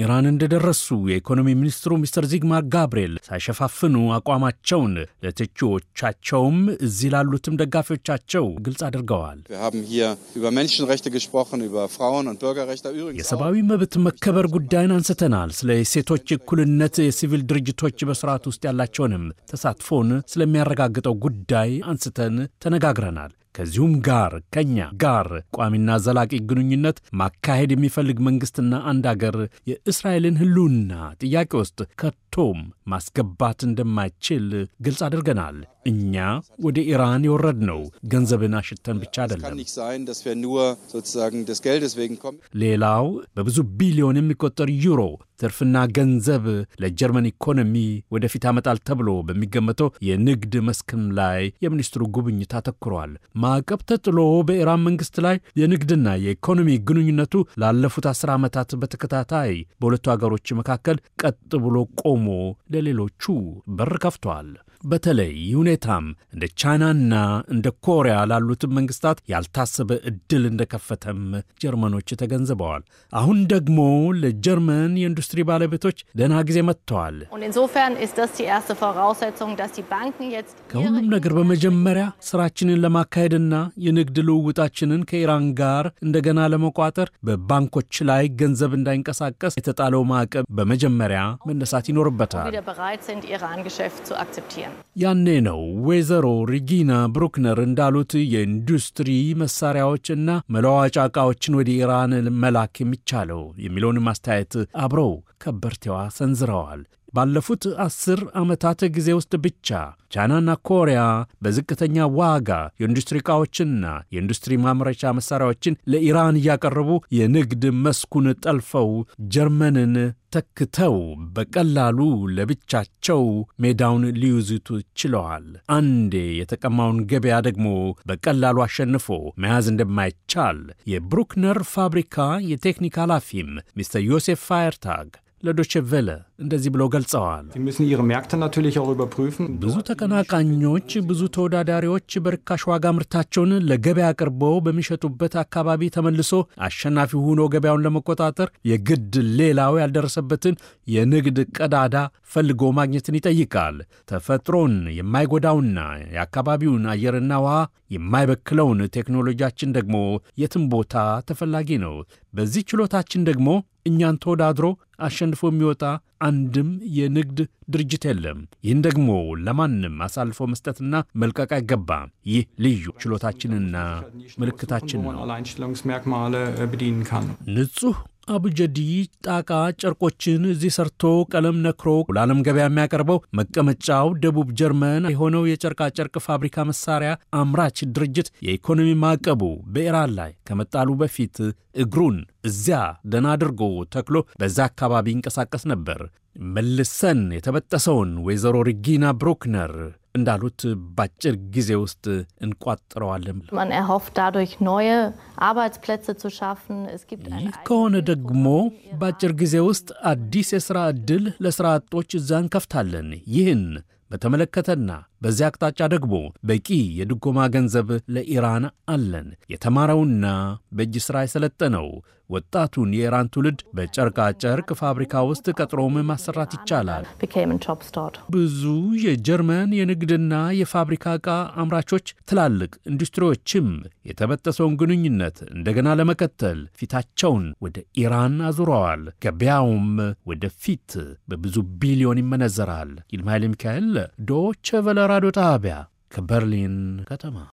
ኢራን እንደደረሱ የኢኮኖሚ ሚኒስትሩ ሚስተር ዚግማር ጋብርኤል ሳይሸፋፍኑ አቋማቸውን ለትችዎቻቸውም እዚህ ላሉትም ደጋፊዎቻቸው ግልጽ አድርገዋል። የሰብአዊ መብት መከበር ጉዳይን አንስተናል። ስለ ሴቶች እኩልነት፣ የሲቪል ድርጅቶች በስርዓት ውስጥ ያላቸውንም ተሳትፎን ስለሚያረጋግጠው ጉዳይ አንስተን ተነጋግረናል። ከዚሁም ጋር ከኛ ጋር ቋሚና ዘላቂ ግንኙነት ማካሄድ የሚፈልግ መንግሥትና አንድ አገር የእስራኤልን ሕልውና ጥያቄ ውስጥ ከቶም ማስገባት እንደማይችል ግልጽ አድርገናል። እኛ ወደ ኢራን የወረድነው ገንዘብን አሽተን ብቻ አይደለም። ሌላው በብዙ ቢሊዮን የሚቆጠር ዩሮ ትርፍና ገንዘብ ለጀርመን ኢኮኖሚ ወደፊት ያመጣል ተብሎ በሚገመተው የንግድ መስክም ላይ የሚኒስትሩ ጉብኝት አተኩረዋል። ማዕቀብ ተጥሎ በኢራን መንግስት ላይ የንግድና የኢኮኖሚ ግንኙነቱ ላለፉት አስር ዓመታት በተከታታይ በሁለቱ አገሮች መካከል ቀጥ ብሎ ቆሞ ለሌሎቹ በር ከፍቷል። በተለይ ሁኔታም እንደ ቻይናና እንደ ኮሪያ ላሉትም መንግስታት ያልታሰበ እድል እንደከፈተም ጀርመኖች ተገንዝበዋል። አሁን ደግሞ ለጀርመን የኢንዱስትሪ የኢንዱስትሪ ባለቤቶች ደህና ጊዜ መጥተዋል። ከሁሉም ነገር በመጀመሪያ ስራችንን ለማካሄድና የንግድ ልውውጣችንን ከኢራን ጋር እንደገና ለመቋጠር በባንኮች ላይ ገንዘብ እንዳይንቀሳቀስ የተጣለው ማዕቀብ በመጀመሪያ መነሳት ይኖርበታል። ያኔ ነው ወይዘሮ ሪጊና ብሩክነር እንዳሉት የኢንዱስትሪ መሳሪያዎች እና መለዋወጫ እቃዎችን ወደ ኢራን መላክ የሚቻለው የሚለውን ማስተያየት አብረው ከበርቴዋ ሰንዝረዋል። ባለፉት አስር ዓመታት ጊዜ ውስጥ ብቻ ቻይናና ኮሪያ በዝቅተኛ ዋጋ የኢንዱስትሪ ዕቃዎችንና የኢንዱስትሪ ማምረቻ መሣሪያዎችን ለኢራን እያቀረቡ የንግድ መስኩን ጠልፈው ጀርመንን ተክተው በቀላሉ ለብቻቸው ሜዳውን ሊይዙት ችለዋል። አንዴ የተቀማውን ገበያ ደግሞ በቀላሉ አሸንፎ መያዝ እንደማይቻል የብሩክነር ፋብሪካ የቴክኒክ ኃላፊም ሚስተር ዮሴፍ ፋየርታግ ለዶቼ ቬለ እንደዚህ ብለው ገልጸዋል። ብዙ ተቀናቃኞች፣ ብዙ ተወዳዳሪዎች በርካሽ ዋጋ ምርታቸውን ለገበያ አቅርበው በሚሸጡበት አካባቢ ተመልሶ አሸናፊ ሆኖ ገበያውን ለመቆጣጠር የግድ ሌላው ያልደረሰበትን የንግድ ቀዳዳ ፈልጎ ማግኘትን ይጠይቃል። ተፈጥሮን የማይጎዳውና የአካባቢውን አየርና ውሃ የማይበክለውን ቴክኖሎጂያችን ደግሞ የትም ቦታ ተፈላጊ ነው። በዚህ ችሎታችን ደግሞ እኛን ተወዳድሮ አሸንፎ የሚወጣ አንድም የንግድ ድርጅት የለም። ይህን ደግሞ ለማንም አሳልፎ መስጠትና መልቀቅ አይገባም። ይህ ልዩ ችሎታችንና ምልክታችን ነው። ንጹህ አቡጀዲ ጣቃ ጨርቆችን እዚህ ሰርቶ ቀለም ነክሮ ለዓለም ገበያ የሚያቀርበው መቀመጫው ደቡብ ጀርመን የሆነው የጨርቃ ጨርቅ ፋብሪካ መሳሪያ አምራች ድርጅት የኢኮኖሚ ማዕቀቡ በኢራን ላይ ከመጣሉ በፊት እግሩን እዚያ ደና አድርጎ ተክሎ በዛ አካባቢ ይንቀሳቀስ ነበር። መልሰን የተበጠሰውን ወይዘሮ ሪጊና ብሮክነር እንዳሉት በአጭር ጊዜ ውስጥ እንቋጥረዋለን ብለው ይህ ከሆነ ደግሞ በአጭር ጊዜ ውስጥ አዲስ የሥራ ዕድል ለሥራ አጦች እዛ እንከፍታለን። ይህን በተመለከተና በዚያ አቅጣጫ ደግሞ በቂ የድጎማ ገንዘብ ለኢራን አለን። የተማረውና በእጅ ሥራ የሰለጠነው ወጣቱን የኢራን ትውልድ በጨርቃ ጨርቅ ፋብሪካ ውስጥ ቀጥሮም ማሰራት ይቻላል። ብዙ የጀርመን የንግድና የፋብሪካ ዕቃ አምራቾች ትላልቅ ኢንዱስትሪዎችም የተበጠሰውን ግንኙነት እንደገና ለመከተል ፊታቸውን ወደ ኢራን አዙረዋል። ገበያውም ወደፊት በብዙ ቢሊዮን ይመነዘራል። ይልማይል ሚካኤል ዶቼ የኮሎራዶ ጣቢያ ከበርሊን ከተማ